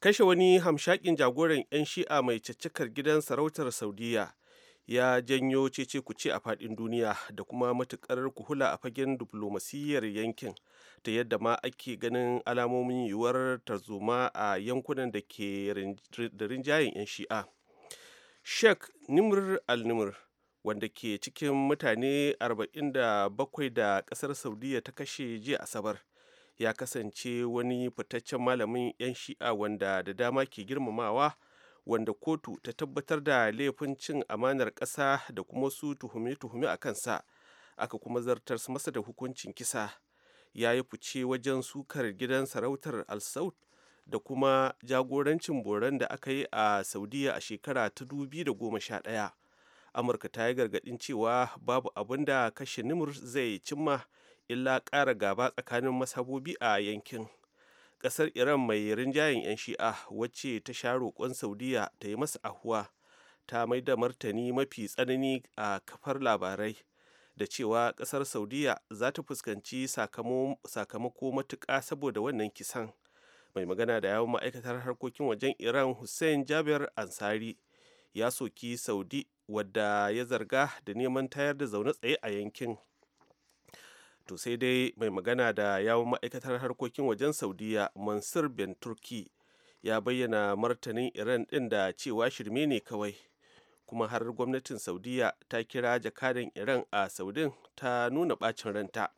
kashe wani hamshakin jagoran 'yan shi'a mai caccakar gidan sarautar saudiyya ya janyo cece kuce a fadin duniya da kuma matukar kuhula a fagen diflomasiyyar yankin ta yadda ma ake ganin alamomin yiwuwar tarzoma a yankunan da ke da rinjayen 'yan shi'a sheikh nimr al-nimr wanda ke cikin mutane 47 da kasar saudiyya ta kashe jiya asabar ya kasance wani fitaccen malamin 'yan shi'a wanda da dama ke girmamawa wanda kotu ta tabbatar da laifin cin amanar ƙasa da kuma su tuhume-tuhume a kansa aka kuma zartar masa da hukuncin kisa ya yi fice wajen sukar gidan sarautar al-saud da kuma jagorancin boran da aka yi a saudiya a shekara ta 2011 amurka ta yi gargadin cewa babu abin da kashe nimur zai cimma illa ƙara gaba tsakanin masabobi a yankin ƙasar iran mai rinjayen 'yan shi'a wacce ta sha roƙon saudiya ta yi masa ahuwa ta mai da martani mafi tsanani a kafar labarai da cewa ƙasar saudiya za ta fuskanci sakamako matuƙa saboda wannan kisan mai magana da yawon ma'aikatar harkokin wajen iran hussein jabir ansari ya soki saudi wadda ya zarga da neman tayar da zaune tsaye a yankin to sai dai mai magana da yawon ma'aikatar harkokin wajen saudiya mansur bin turki ya bayyana martanin iran din da cewa shirme ne kawai kuma har gwamnatin saudiya ta kira jakadan iran a saudin ta nuna bacin ranta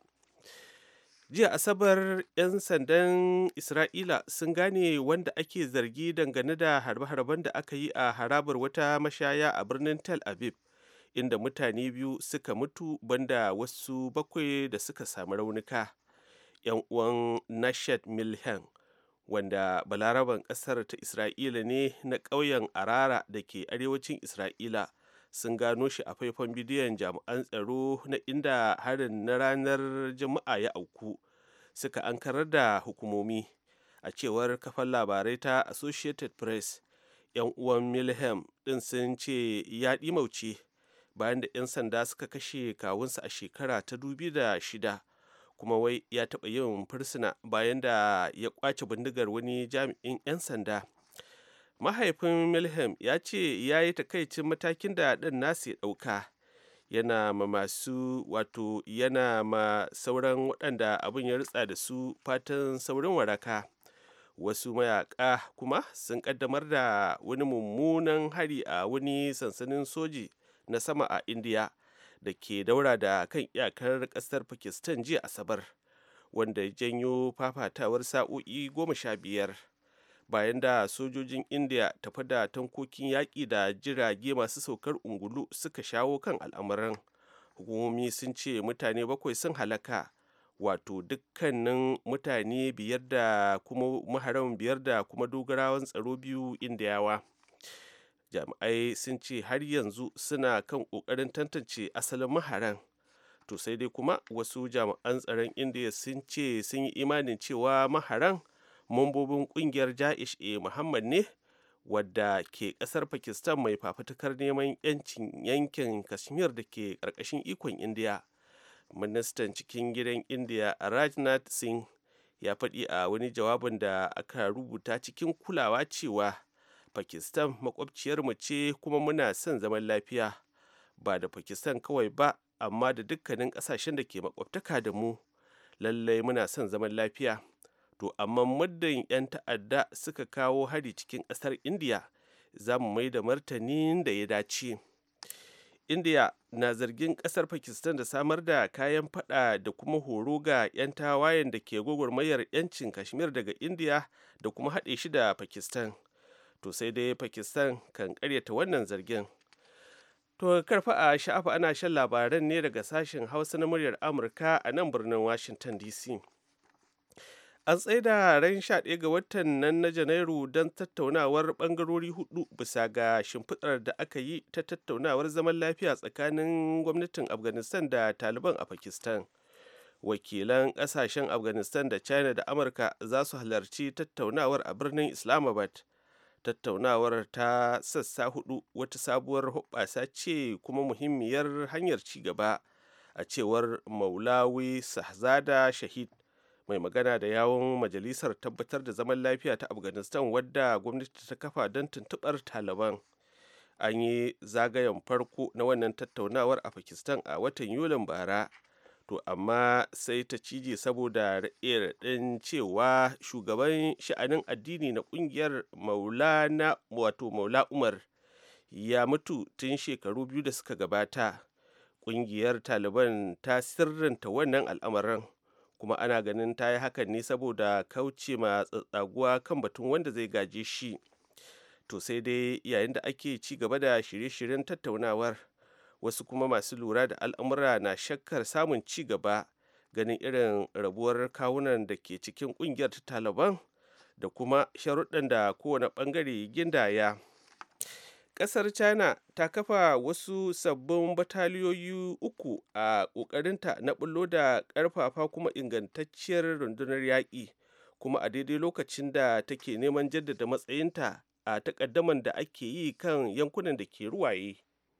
jiya asabar 'yan sandan isra'ila sun gane wanda ake zargi dangane da harbe-harben da aka yi a harabar wata mashaya a birnin tel aviv inda mutane biyu suka mutu banda wasu bakwai da suka samu raunuka yan uwan nashat milhan wanda balaraban ƙasar ta isra'ila ne na ƙauyen arara da ke arewacin isra'ila sun gano shi a faifan bidiyon jami'an tsaro na inda harin na ranar jama'a ya auku suka ankarar da hukumomi a cewar kafar labarai ta associated press yan uwan milham din sun ce ya ɗimauce bayan da 'yan sanda suka kashe kawunsa a shekara ta dubi da shida kuma wai ya taɓa yin fursuna bayan da ya kwace bindigar wani jami'in 'yan sanda mahaifin milham ya ce ya yi takaicin matakin da ɗan nasu ya ɗauka yana ma masu wato yana ma sauran waɗanda abin ya rutsa da su fatan saurin waraka wasu mayaka, kuma sun ƙaddamar da wani mummunan hari a wani sansanin soji na sama a indiya da ke daura da kan iyakar ƙasar pakistan jiya asabar wanda ya janyo fafatawar sa'o'i goma sha biyar bayan da sojojin indiya tafi da tankokin yaƙi da jirage masu saukar ungulu suka shawo kan al'amuran hukumomi sun ce mutane bakwai sun halaka wato dukkanin mutane biyar da kuma maharan biyar da kuma dogarawan tsaro biyu indiyawa jami'ai sun ce har yanzu suna kan ƙoƙarin tantance asalin maharan to sai dai kuma wasu jami'an tsaron indiya sun ce sun yi imanin cewa maharan mambobin ƙungiyar ja'ish a muhammad ne wadda ke ƙasar pakistan mai fafutukar neman yancin yankin kashmir da ke ƙarƙashin ikon indiya ministan cikin gidan indiya rajnath singh ya faɗi a wani jawabin da aka rubuta cikin kulawa cewa pakistan makwabciyarmu ce kuma muna son zaman lafiya ba da pakistan kawai ba amma da dukkanin ƙasashen da ke makwabtaka da mu lallai muna son zaman lafiya to amma muddin 'yan ta'adda suka kawo hari cikin ƙasar indiya za mu mai da martanin da ya dace India na zargin ƙasar pakistan da samar da kayan fada da kuma horo ga 'yan tawayen da ke gwagwarmayar 'yancin kashmir daga India da kuma haɗe shi da pakistan to sai dai pakistan kan karyata wannan zargin to karfa a sha'afa ana shan labaran ne daga sashen hausa na muryar amurka a nan birnin washington dc an tsaida ran 11 ga watan nan na janairu don tattaunawar ɓangarori hudu bisa ga shimfiɗar da aka yi ta tattaunawar zaman lafiya tsakanin gwamnatin afghanistan da taliban a pakistan wakilan ƙasashen afghanistan da china da amurka za su halarci tattaunawar a birnin islamabad tattaunawar ta sassa hudu wata sabuwar hoɓɓasa ce kuma muhimmiyar hanyar ci gaba a cewar maulawi sahzada shahid mai magana da yawon majalisar tabbatar da zaman lafiya ta afghanistan wadda gwamnati ta kafa don tuntuɓar taliban an yi zagayen farko na wannan tattaunawar a pakistan a watan yulin bara to amma sai ta cije saboda raɗe cewa shugaban sha'anin addini na ƙungiyar maulana wato maula umar ya mutu tun shekaru biyu da suka gabata ƙungiyar taliban ta sirrinta wannan al'amarin kuma ana ganin ta yi hakan ne saboda kauce ma tsatsaguwa kan batun wanda zai gaje shi to sai dai yayin da ake ci gaba da shirye-shiryen tattaunawar wasu kuma masu lura da al'amura na shakkar samun ci gaba ganin irin rabuwar kawunan da ke cikin kungiyar ta taliban da kuma sharuɗan da kowane ɓangare gindaya ƙasar china ta kafa wasu sabbin bataliyoyi uku a ƙoƙarinta na bullo da ƙarfafa kuma ingantacciyar rundunar yaƙi kuma a daidai lokacin da take neman jaddada matsayinta a takaddaman da ake yi kan yankunan da ke ruwaye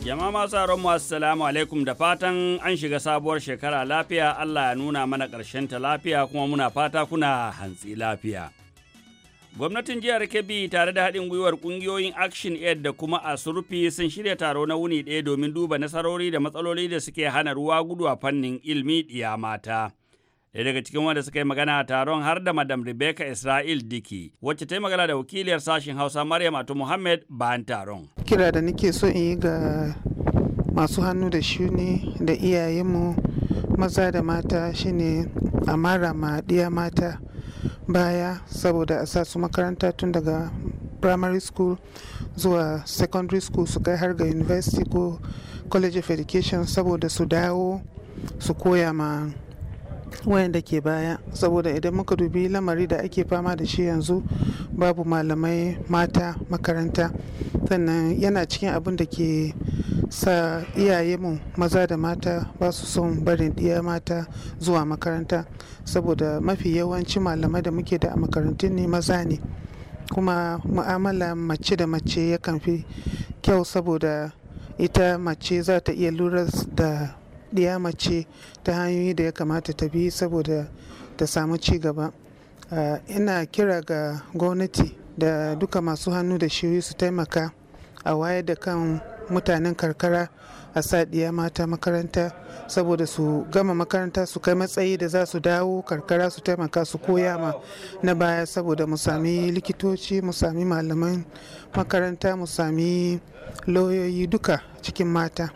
Jama'a masu mu assalamu alaikum da fatan an shiga sabuwar shekara lafiya Allah ya nuna mana ƙarshen ta lafiya kuma muna fata kuna hantsi lafiya. Gwamnatin jihar Kebbi tare da haɗin gwiwar ƙungiyoyin Action Aid da kuma Asurfi sun shirya taro na wuni ɗaya domin duba nasarori da matsaloli da suke hana ruwa gudu a fannin ilmi ɗiya mata. Ɗaya daga cikin wanda suka yi magana a taron har da Madam Rebecca Israel Diki, wacce ta yi magana da wakiliyar sashen Hausa Maryam Atu Muhammad bayan taron. Kira da nake so in yi ga masu hannu da shuni da iyayenmu maza da mata shine a mara ma ɗiya mata baya saboda a sa su makaranta tun daga primary school zuwa secondary school su kai har ga university ko college of education saboda su dawo su koya ma wayanda ke baya saboda idan muka dubi lamari da ake fama da shi yanzu babu malamai mata makaranta sannan yana cikin abin da ke sa iyaye mu maza da mata ba su son barin ɗiya mata zuwa makaranta saboda mafi yawanci malamai da muke da a makarantun ne maza ne kuma mu'amala mace da mace yakan fi kyau saboda ita mace za ta iya lura da ɗiya mace ta hanyoyi da ya kamata ta bi saboda ta samu ci gaba eh, ina kira ga gwamnati da duka masu hannu da shi su taimaka a wayar da kan mutanen karkara a sa ɗiya mata makaranta saboda su gama makaranta su kai matsayi da za su dawo karkara su taimaka su koya ma na baya saboda mu sami likitoci mu sami malaman makaranta mu sami lauyoyi duka cikin mata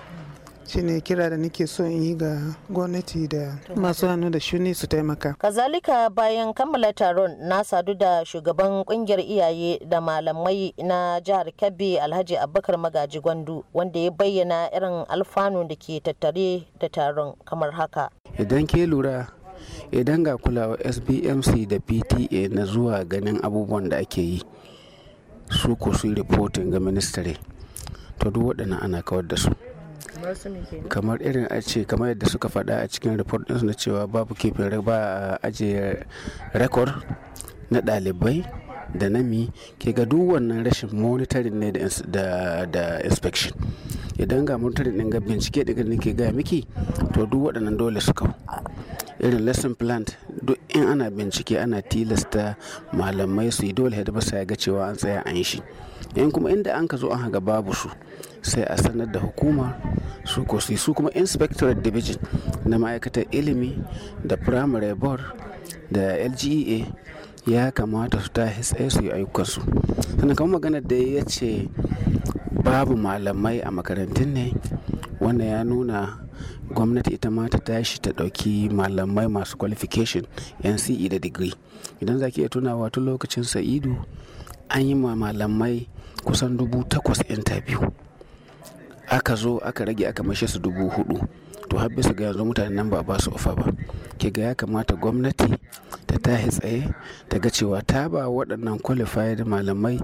shine kira da nake so in yi ga gwamnati da masu hannu da shuni su taimaka kazalika bayan kammala taron na sadu da shugaban kungiyar iyaye da malamai na jihar kebbi alhaji abubakar magaji gwandu wanda ya bayyana irin alfanu da ke tattare da taron kamar haka idan ke lura idan ga kulawa sbmc da pta na zuwa ganin abubuwan da ake yi su ku su reporting ga ministry to duk waɗannan ana kawar da su kamar irin a ce kamar yadda suka faɗa a cikin report ɗinsu na cewa babu kifin ba a ajiye rekord na ɗalibai da nami ke ga duk wannan rashin monitoring ne da inspection idan ga monitoring ɗin ga bincike daga ne ke gaya miki to duk waɗannan dole su kawo irin lesson plan duk in ana bincike ana tilasta malamai su yi dole head ya ga cewa an tsaya an yi shi in kuma inda an ka zo an haga babu su sai a sanar da hukuma su su kuma inspectorate division na ma'aikatar ilimi da primary board da lgea ya kamata su ta tsaye su yi ayyukansu sannan kamar magana da ya ce babu malamai a makarantun ne wanda ya nuna gwamnati ita ma ta tashi ta dauki malamai masu qualification nce da digiri idan za ki iya tunawa tun lokacin sa'idu an yi ma malamai kusan dubu takwas interview aka zo aka rage aka mashe su dubu hudu to har bisa ga yanzu mutanen nan ba ba su ofa ba ke ga ya kamata gwamnati ta tahi tsaye ta ga cewa ta ba waɗannan qualified malamai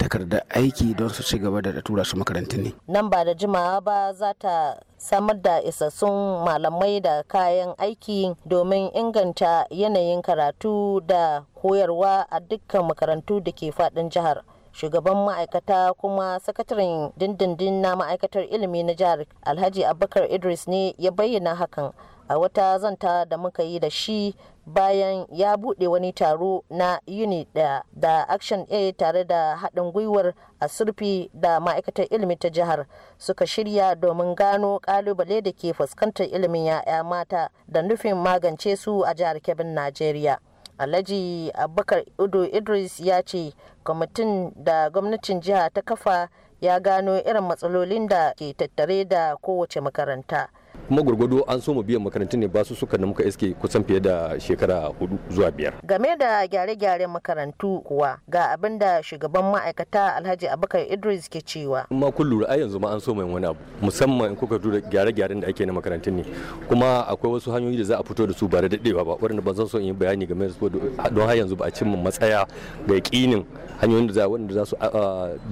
takardar aiki don su ci gaba da tura su makarantu ne nan ba da jimawa ba za ta samar da isassun malamai da kayan aiki domin inganta yanayin karatu da koyarwa a dukkan makarantu da ke faɗin jihar shugaban ma'aikata kuma sakataren dindindin na ma'aikatar ilimi na jihar alhaji abubakar idris ne ya bayyana hakan a wata zanta da muka yi da shi bayan ya buɗe wani taro na yuni da, da action a tare da haɗin gwiwar a surfi da ma'aikatar ilimi ta jihar suka shirya domin gano ƙalubale da ke fuskantar ilimin 'ya'ya mata da nufin magance su a jihar kebin najeriya alhaji abubakar udo idris ya ce kwamitin da gwamnatin jiha ta kafa ya gano irin matsalolin da ke tattare da kowace makaranta kuma gurgudu an so mu biyan makarantun ne ba su suka da muka iske kusan fiye da shekara hudu zuwa biyar. Game da gyare-gyaren makarantu kuwa ga abin da shugaban ma'aikata Alhaji Abubakar Idris ke cewa. Ma kun lura ai yanzu ma an so mai wani abu musamman in kuka dura gyare-gyaren da ake na makarantun ne kuma akwai wasu hanyoyi da za a fito da su ba da daɗewa ba waɗanda ban zan so in yi bayani game da su don har yanzu ba a cimma matsaya ga yaƙinin hanyoyin da za waɗanda za su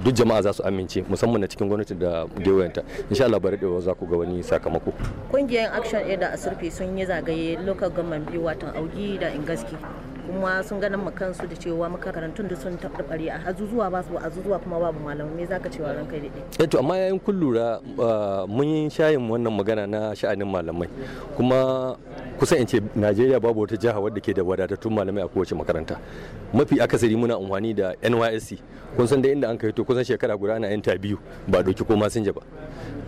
duk jama'a za su amince musamman na cikin gwamnati da gewayenta insha Allah ba daɗewa za ku ga wani sakamako. kungiyar Action Aid da Asirfi sun yi zagaye local government biyu watan Augi da Ingaski. kuma sun ganin mu kansu da cewa makarantun da sun tabarbare a azuzuwa ba su azuzuwa kuma babu malamu me zaka cewa kai dade. eh to amma yayin kun lura ah, mun yi shayin wannan magana na sha'anin malamai kuma kusan in ce Najeriya babu wata jiha wadda ke da wadatattun malamai a kowace makaranta mafi akasari muna amfani da NYSC kun san da inda an kai to kusan shekara guda ana yin biyu ba doki ko masinja ba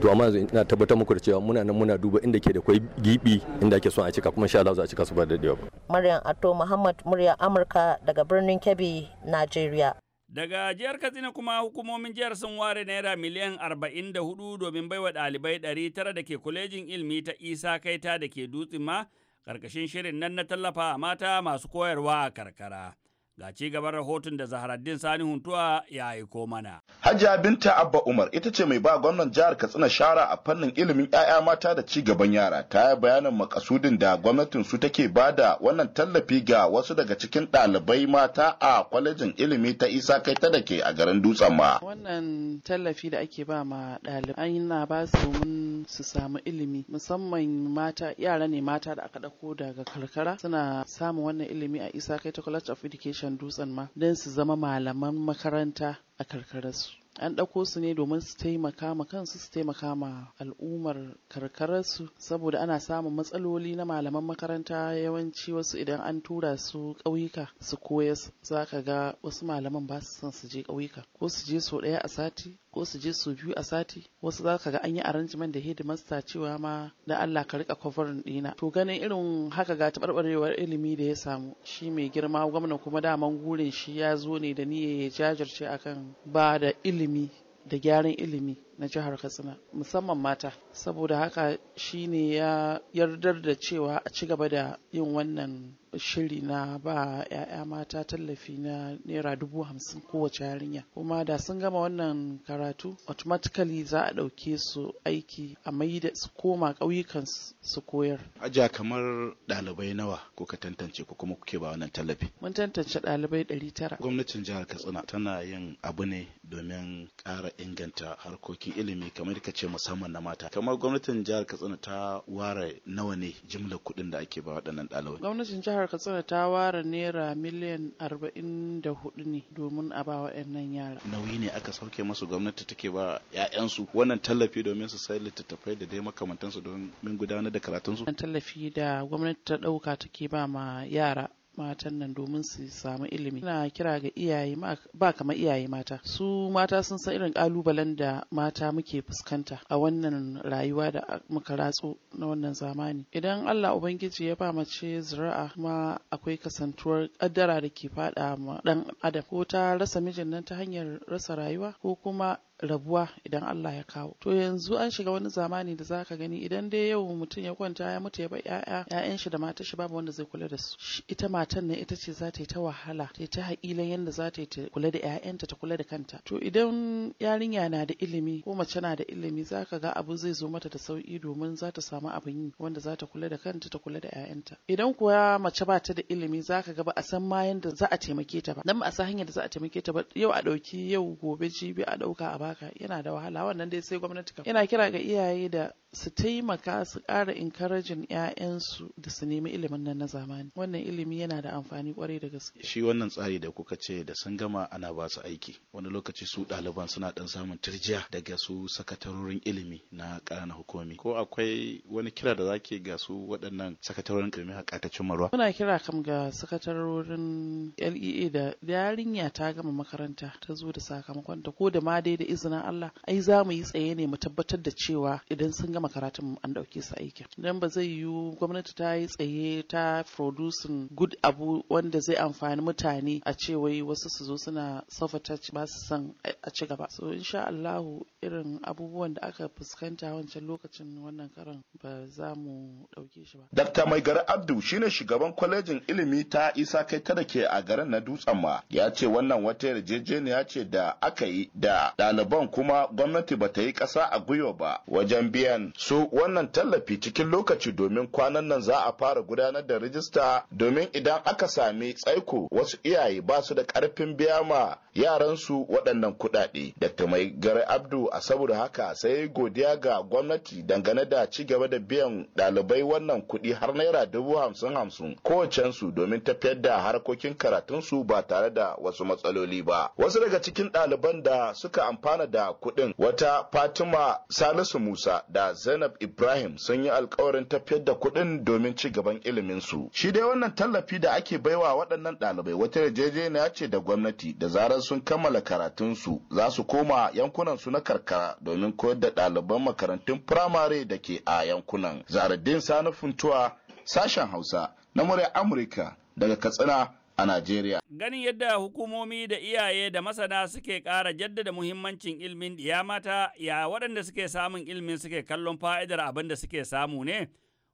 to amma yanzu ina tabbatar muku da cewa muna nan muna duba inda ke da kwai gibi inda ake son a cika kuma insha za a cika su ba da daɗewa ba Maryam Ato Muhammad murya Amurka daga birnin Kebbi Najeriya Daga jihar Katsina kuma hukumomin jihar sun ware naira miliyan arba'in da hudu domin baiwa ɗalibai tara da ke kwalejin ilmi ta Isa Kaita da ke dutsen ma ƙarƙashin shirin nan na tallafa mata masu koyarwa a karkara. Ga ci gaban rahoton da Zaharaddin Sani Huntuwa ya aiko mana. Hajiya Binta Abba Umar ita ce mai ba gwamnan jihar Katsina shara a fannin ilimin 'ya'ya mata da ci gaban yara. Ta yi bayanin makasudin da gwamnatin su take da wannan tallafi ga wasu daga cikin ɗalibai mata a kwalejin ilimi ta Isa kai ta da ke a garin Dutsen ma. Wannan tallafi da ake ba ma ɗalibai na ba su mun su samu ilimi musamman mata yara ne mata da aka ɗauko daga karkara suna samun wannan ilimi a Isa kai ta College of Education kan dutsen ma don su zama malaman makaranta a karkararsu. an ɗauko su ne domin su taimaka ma kansu su taimaka ma al'ummar karkararsu saboda ana samun matsaloli na malaman makaranta yawanci wasu idan an tura su ƙauyuka su koya za ka ga wasu malaman ba su son su je ƙauyuka ko su je sau ɗaya a sati ko su je su biyu a sati wasu za ka ga an yi arrangement da hedimasta cewa ma da Allah ka rika kwafarin dina to ganin irin haka ga taɓarɓarewar ilimi da ya samu shi mai girma gwamna kuma daman gurin shi ya zo ne da niyya ya jajirce akan ba da ilimi da gyaran ilimi na jihar katsina musamman mata saboda haka shine ya yardar da cewa a ci gaba da yin wannan shiri na ba 'ya'ya mata tallafi na naira dubu hamsin kowace yarinya kuma da sun gama wannan karatu automatically za a ɗauke su aiki a mai da su koma ƙauyukan su koyar aja kamar ɗalibai nawa ko ka tantance ko kuma kuke ba wannan tallafi mun tantance ɗalibai ɗari tara gwamnatin jihar katsina tana yin abu ne domin ƙara inganta harkokin harkokin ilimi kamar ka ce musamman na mata kamar gwamnatin jihar katsina ta ware nawa ne jimla kuɗin da ake ba waɗannan ɗalibai gwamnatin jihar katsina ta ware naira miliyan arba'in da hudu ne domin a ba waɗannan yara nauyi ne aka sauke masu gwamnati take ba 'ya'yansu wannan tallafi domin su sai littattafai da dai makamantansu domin gudanar da karatunsu tallafi da gwamnati ta ɗauka take ba ma yara matan nan domin su samu ilimi ina kira ga iyaye ba kamar iyaye mata su mata sun san irin ƙalubalen da mata muke fuskanta a wannan rayuwa da muka ratso na wannan zamani idan Allah ubangiji ya ba mace zira'a kuma akwai kasantuwar ƙaddara da ke fada ma dan adam ko ta rasa mijin nan ta hanyar rasa rayuwa ko kuma rabuwa idan Allah ya kawo to yanzu an shiga wani zamani da zaka gani idan dai yau mutum ya kwanta ya mutu ya bar ƴaƴa ƴaƴan shi da matar shi babu wanda zai kula da su ita matan nan ita ce za ta yi ta wahala ta ta haƙilan yadda za ta yi ta kula da ƴaƴanta ta kula da kanta to idan yarinya na da ilimi ko mace na da ilimi zaka ga abu zai zo mata da sauƙi domin za ta samu abin yi wanda za ta kula da kanta ta kula da ƴaƴanta idan kuwa mace ba ta da ilimi zaka ga ba a san ma yadda za a taimake ta ba dan ba a san hanyar da za a taimake ta ba yau a ɗauki yau gobe jibi a ɗauka a ba haka yana da wahala wannan dai sai gwamnati kam yana kira ga iyaye da su taimaka su ƙara encouraging 'ƴa'ƴansu da su nemi ilimin nan na zamani wannan ilimi yana da amfani kwarai da gaske shi wannan tsari da kuka ce da sun gama ana ba su aiki wani lokaci su ɗaliban suna ɗan samun turjiya daga su sakatarorin ilimi na ƙananan hukumi ko akwai wani kira da zake ga su waɗannan sakatarorin ilimi a ƙatacin marwa muna kira kam ga sakatarorin LEA da yarinya ta gama makaranta ta zo da sakamakon ta ko da ma dai da izinin Allah ai za mu yi tsaye ne mu tabbatar da cewa idan sun gama karatun an ɗauke su aikin idan ba zai yiwu gwamnati ta yi tsaye ta producing good abu wanda zai amfani mutane a ce wai wasu su zo suna sofata ba su san a ci gaba so insha Allah irin abubuwan da aka fuskanta wancan lokacin wannan karan ba za mu ɗauke shi ba Dr. Maigara Abdu shine shugaban kwalejin ilimi ta Isa kai ta da ke a garin na Dutsen ma ya ce wannan wata yarjejeniya ce da aka yi da ɗalibai Gabon kuma gwamnati ba ta yi ƙasa a gwiwa ba wajen biyan su wannan tallafi cikin lokaci domin kwanan nan za a fara gudanar da rijista domin idan aka sami tsaiko wasu iyaye ba su da ƙarfin biya ma yaransu waɗannan kuɗaɗe. Dr. Mai Gare Abdu a saboda haka sai godiya ga gwamnati dangane da ci gaba da biyan ɗalibai wannan kuɗi har naira dubu hamsin hamsin kowacensu domin tafiyar da harkokin karatunsu ba tare da wasu matsaloli ba. Wasu daga cikin ɗaliban da suka amfana amfana da kuɗin wata Fatima Salisu Musa da Zainab Ibrahim sun yi alkawarin tafiyar da kuɗin domin ci gaban iliminsu. Shi dai wannan tallafi da ake baiwa waɗannan ɗalibai wata yarjejeniya ce da gwamnati da zarar sun kammala karatunsu za su koma yankunansu na karkara domin koyar da ɗaliban makarantun firamare da ke a yankunan. Zaradin sanufin Funtuwa sashen Hausa na murya Amurka daga Katsina a Najeriya. Ganin yadda hukumomi da iyaye da masana suke kara jaddada muhimmancin ilimin ya mata ya waɗanda suke samun ilimin suke kallon fa'idar abin da suke samu ne.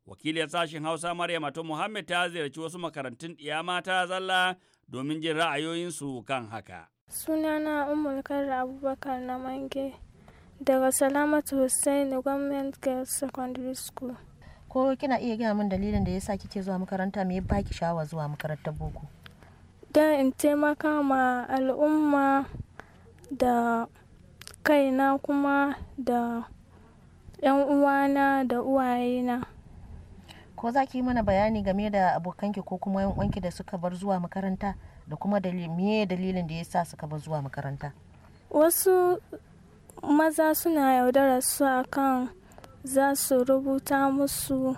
Wakiliyar sashen Hausa Maryam Ato Muhammad ta ziyarci wasu makarantun ya mata zalla domin jin ra'ayoyinsu kan haka. Sunana Umar Karra Abubakar na Mange daga Salamatu Hussein Government Girls Secondary School. Ko kina iya gina min dalilin da yasa kike zuwa makaranta me ya baki shawa zuwa makarantar boko? don in taimaka ma al'umma da kaina kuma da 'yan uwana da uwayena ko za ki yi mana bayani game da abokanki ko kuma yan uwanki da suka bar zuwa makaranta da kuma me dalilin da ya sa suka bar zuwa makaranta wasu maza suna yaudara su akan za su rubuta musu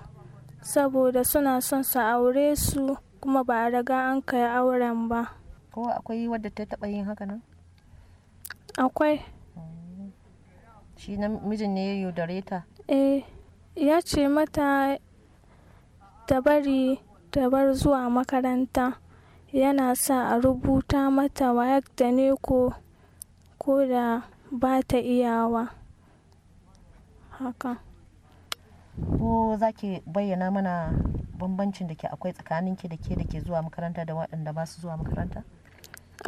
saboda suna son su aure su kuma ba a riga an kai auren ba ko akwai wadda ta taba yin haka nan akwai shi na mijin ne ya yaudare ta eh ya ce mata ta bari ta bar zuwa makaranta yana sa a rubuta mata wayak da ne ko ko da ba ta iyawa haka ko za ki bayyana mana bambancin da ke akwai tsakanin ke da ke da ke zuwa makaranta da waɗanda ba su zuwa makaranta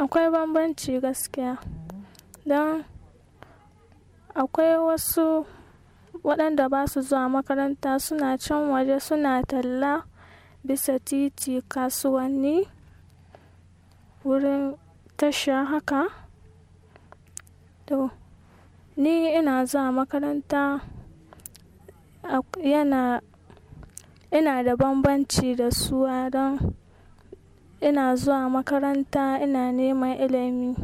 akwai bambanci gaskiya mm-hmm. don akwai wasu waɗanda ba su zuwa makaranta suna can waje suna talla bisa titi kasuwanni wurin tasha haka to ni ina zuwa makaranta yana ina da bambanci da suwa don ina zuwa makaranta ina neman ilimi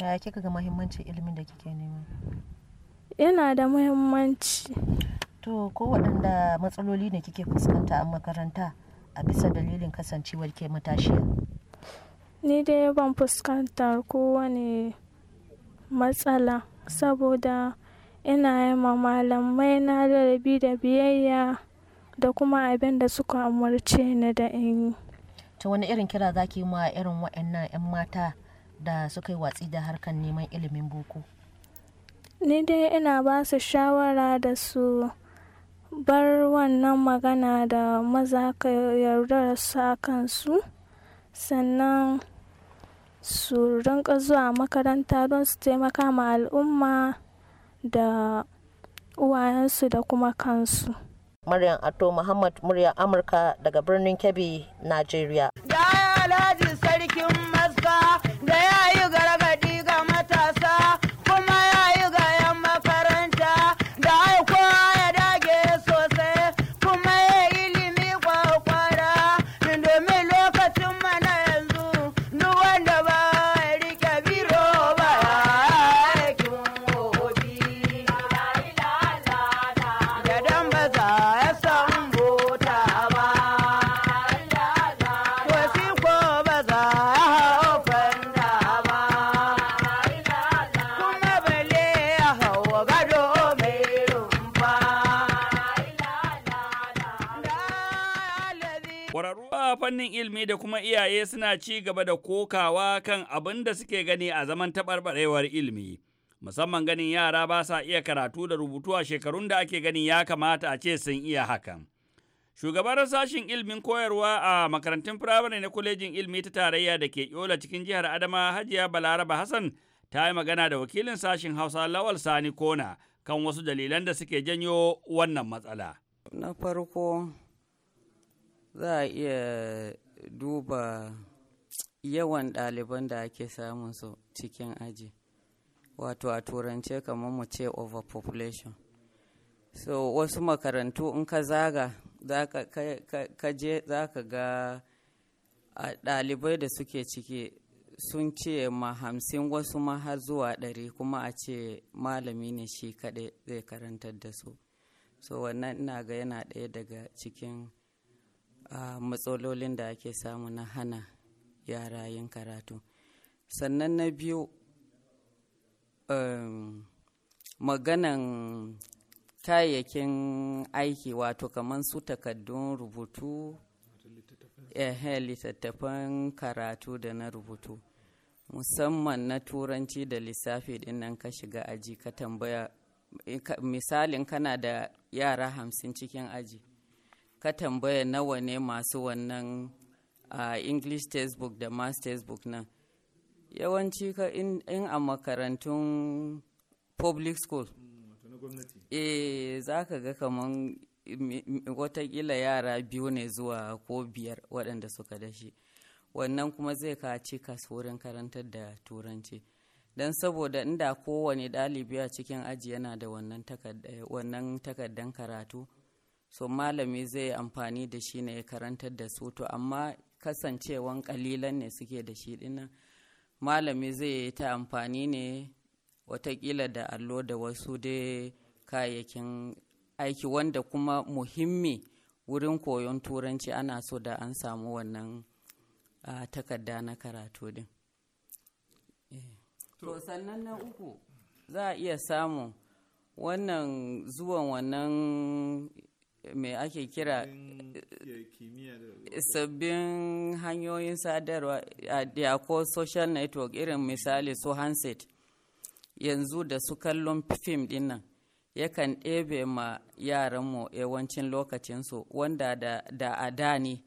yaya kika ga mahimmanci ilimin da kike nema yana da muhimmanci to ko waɗanda matsaloli ne kike fuskanta a makaranta a bisa dalilin kasancewar ke matashiya ni dai ban fuskantar kowane matsala saboda ina yi ma malamai na da biyayya da kuma abin da suka umarce ni da in yi ta wani irin kira za ki ma irin waɗannan 'yan mata da suka yi watsi da harkar neman ilimin boko ni dai ina ba su shawara da su bar wannan magana da maza ka yarda su a kansu sannan su rinka zuwa makaranta don su taimaka ma al'umma da uwayensu da kuma kansu. Maryam Ato Muhammad murya Amurka daga birnin Kebbi, Najeriya. Ya Alhaji Sarkin da kuma iyaye suna ci gaba da kokawa kan abin da suke gani a zaman taɓarɓarewar ilmi Musamman ganin yara ba sa iya karatu da rubutu a shekarun da ake gani ya kamata a ce sun iya hakan. Shugabar sashen ilmin koyarwa a makarantun firamare na kwalejin Ilmi ta tarayya da ke Yola cikin jihar Adama Hajiya Balaraba Hassan ta yi magana da wakilin sashen Hausa Lawal Sani Kona kan wasu dalilan da suke janyo wannan matsala. Na farko za a iya duba yawan ɗaliban da ake samun su cikin aji wato a turance kamar mu ce overpopulation so wasu makarantu in ka zaga za ka ka ga ɗalibai da suke ciki sun ce ma hamsin wasu ma har zuwa ɗari kuma a ce malami ne shi kaɗai zai karantar da su so wannan ina ga yana ɗaya daga cikin matsalolin da ake samu na hana yara yin karatu sannan na biyu um, maganan kayayyakin aiki wato kamar su takaddun rubutu litattafan littattafan karatu da na rubutu musamman na turanci da lissafi din nan ka shiga aji ka tambaya misalin kana da yara hamsin cikin aji ka tambaya nawa ne masu wannan uh, english textbook da math textbook nan yawanci ka in, in a makarantun public school e za ka ga kaman watakila yara biyu ne zuwa ko biyar waɗanda suka dashi wannan kuma zai ka cika wurin karantar da turanci don saboda inda kowane ɗalibi a cikin aji yana da wannan takardan karatu so malami zai amfani da shi ne ya karantar da su to amma kasancewan kalilan ne suke da shi dinnan malami zai yi ta amfani ne watakila da allo da wasu dai kayayyakin aiki wanda kuma muhimmi wurin koyon turanci ana so da an samu wannan uh, takarda na karatu din yeah. to sannan na uku za a iya samun wannan zuwan wannan me ake kira sabbin hanyoyin sadarwa a ko social network irin misali su handset yanzu da su kallon fim dinnan yakan ɗebe ma yaranmu yawancin lokacinsu wanda da a da ne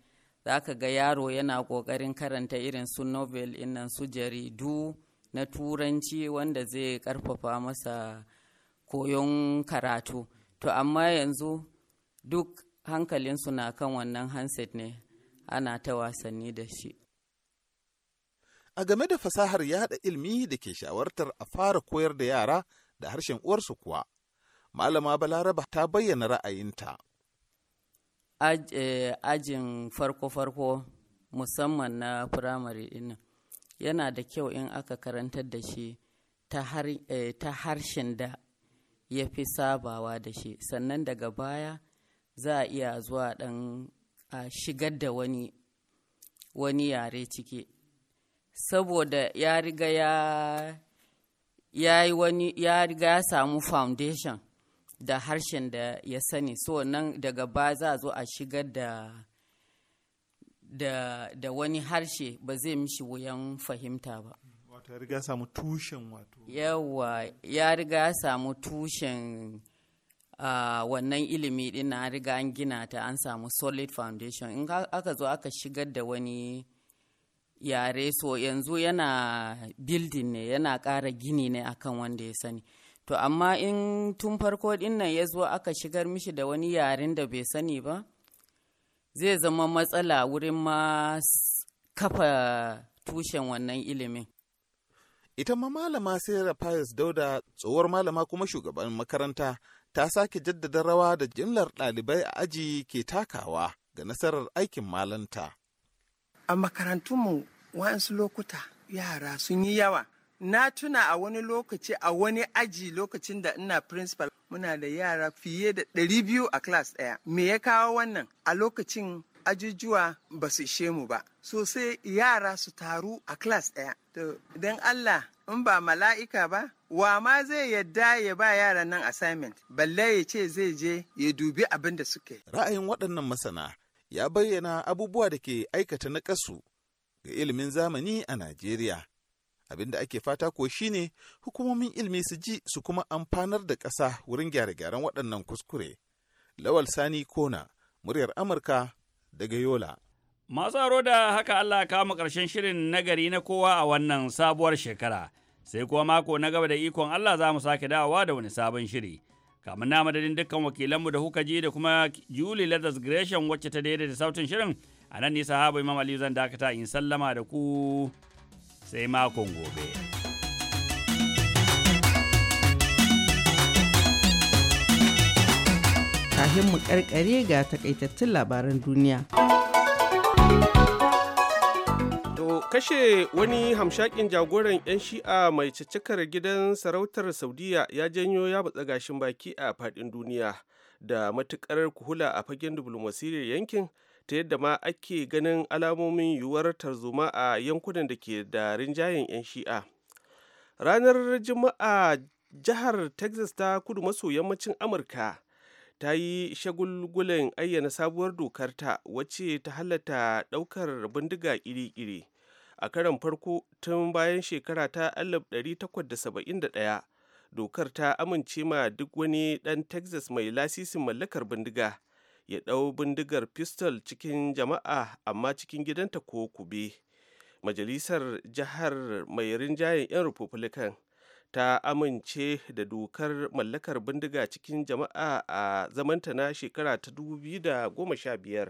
za ka ga yaro yana ƙoƙarin karanta irin su novel nan su jaridu na turanci wanda zai ƙarfafa masa koyon karatu to amma yanzu duk hankalinsu na kan wannan handset ne ana ta wasanni da shi. A game da fasahar yaɗa ilmi da ke shawartar a fara koyar da yara da harshen uwarsu kuwa, Malama Balaraba ta bayyana ra'ayinta. Eh, ajin farko-farko musamman na firamare ɗin yana da kyau in aka karantar da shi ta eh, harshen da ya fi sabawa da shi, sannan daga baya za a iya zuwa dan a shigar da wani wani yare ciki saboda ya riga ya ya yi wani ya riga ya samu foundation da harshen da ya sani so nan daga ba za a zo a shigar da da, da wani harshe ba zai mishi wuyan fahimta ba. Wato ya riga samu tushen wato. Yawa ya riga samu tushen wannan ilimi din na riga an gina ta an samu solid foundation in aka zo aka shigar da wani yare so yanzu yana building ne yana kara gini ne akan wanda ya sani to amma in tun farko din nan ya zo aka shigar mishi da wani yaren da bai sani ba zai zama matsala wurin ma kafa tushen wannan ilimin ita ma malama sai Fayes Dauda tsohuwar malama kuma shugaban makaranta ta sake jaddada rawa da jimlar ɗalibai a aji ke takawa ga nasarar aikin malanta. A makarantunmu wa'ansu lokuta yara sun yi yawa. Na tuna a wani lokaci a wani aji lokacin da ina principal muna da yara fiye da ɗari biyu a class ɗaya. Me ya kawo wannan? A lokacin ajujuwa ba su ishe mu ba. So sai yara su taru a class ɗaya. Don Allah in ba mala'ika ba wa ma zai yadda ya ba yaran nan assignment balle ya ce zai je ya dubi abin da suke ra'ayin waɗannan masana ya bayyana abubuwa da ke aikata na ƙasu ga ilimin zamani a najeriya abin da ake fata ko shine hukumomin ilimi su ji su kuma amfanar da ƙasa wurin gyare-gyaren waɗannan kuskure lawal sani kona muryar amurka daga yola masu aro da haka allah kama ƙarshen shirin nagari na kowa a wannan sabuwar shekara sai kuwa mako na gaba da ikon Allah za mu sake dawowa da wani sabon shiri. Kamun na madadin dukkan wakilanmu da kuka ji da kuma Julie Leathers Gresham wacce ta daidaita sautin shirin a nan nisa habu Imam Aliyu zan dakata in sallama da ku sai makon gobe. kafin mu karkare ga takaitattun labaran duniya. kashe wani hamshakin jagoran 'yan shi'a mai cicikar gidan sarautar saudiya ya janyo ya batsa gashin baki a fadin duniya da matukar kuhula a fagen diplomasiyar yankin ta yadda ma ake ganin alamomin yiwuwar tarzoma a yankunan da ke da rinjayen 'yan shi'a ranar juma'a jihar texas ta kudu maso yammacin amurka ta yi shagulgulan ayyana sabuwar dokarta wacce ta halatta daukar bindiga iri-iri a karon farko tun bayan shekara ta 1871 dokar ta amince ma duk wani ɗan texas mai lasisin mallakar bindiga ya ɗau bindigar pistol cikin jama'a amma cikin gidanta ko kube majalisar jihar mai rinjayen 'yan republican ta amince da dokar mallakar bindiga cikin jama'a a zamanta na shekara ta 2015